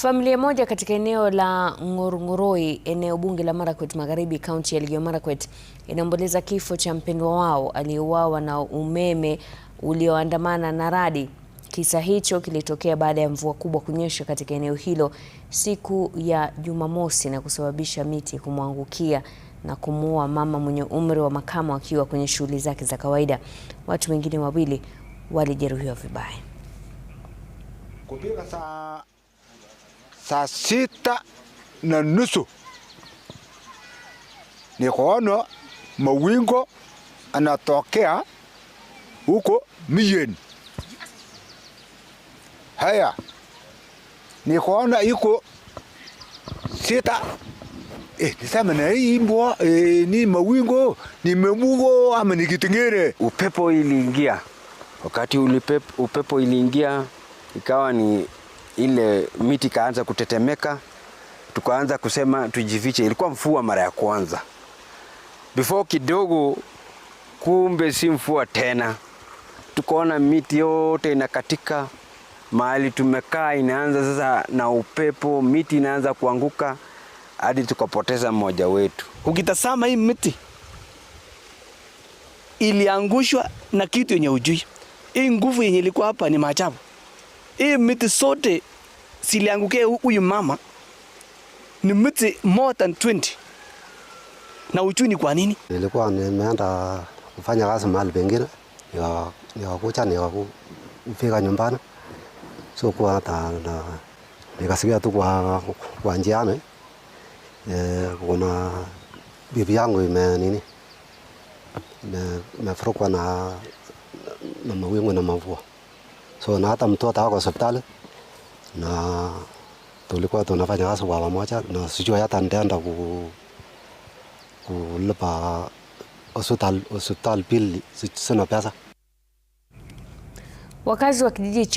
Familia moja katika eneo la Ngorongoroi, eneo bunge la Marakwet Magharibi, kaunti ya Elgeyo Marakwet, inaomboleza kifo cha mpendwa wao aliyeuawa na umeme ulioandamana na radi. Kisa hicho kilitokea baada ya mvua kubwa kunyesha katika eneo hilo siku ya Jumamosi na kusababisha miti kumwangukia na kumuua mama mwenye umri wa makamo akiwa kwenye shughuli zake za kawaida. Watu wengine wawili walijeruhiwa vibaya saa sita na nusu nikaona mawingo anatokea huko Mieni. Haya, nikaona iko sita eh, nisema na hii mbwa eh, ni mawingo ni memugo ama ni kitingere. Upepo iliingia wakati ulipepo, upepo iliingia ikawa ni ile miti ikaanza kutetemeka, tukaanza kusema tujifiche. Ilikuwa mfua mara ya kwanza, before kidogo, kumbe si mfua tena. Tukaona miti yote inakatika, mahali tumekaa inaanza sasa na upepo, miti inaanza kuanguka hadi tukapoteza mmoja wetu. Ukitazama hii miti iliangushwa na kitu yenye ujui. Hii nguvu yenye ilikuwa hapa ni maajabu hii ee, miti sote siliangukia huyu mama ni miti more than 20 na uchuni. kwa nini? Nilikuwa nimeenda kufanya kazi mahali pengine, nikakucha nikafika nyumbani, sikuwa hata nikasikia tu kwa, kwa njiani e, kuna bibi yangu ime nini imefurukwa na, na mawingu na mavua so na hata mtoto ako hospitali na tulikuwa tunafanya kazi kwa pamoja, na sijui hata nitaenda ku, kulipa hospitali bili, sina pesa. Wakazi wa kijiji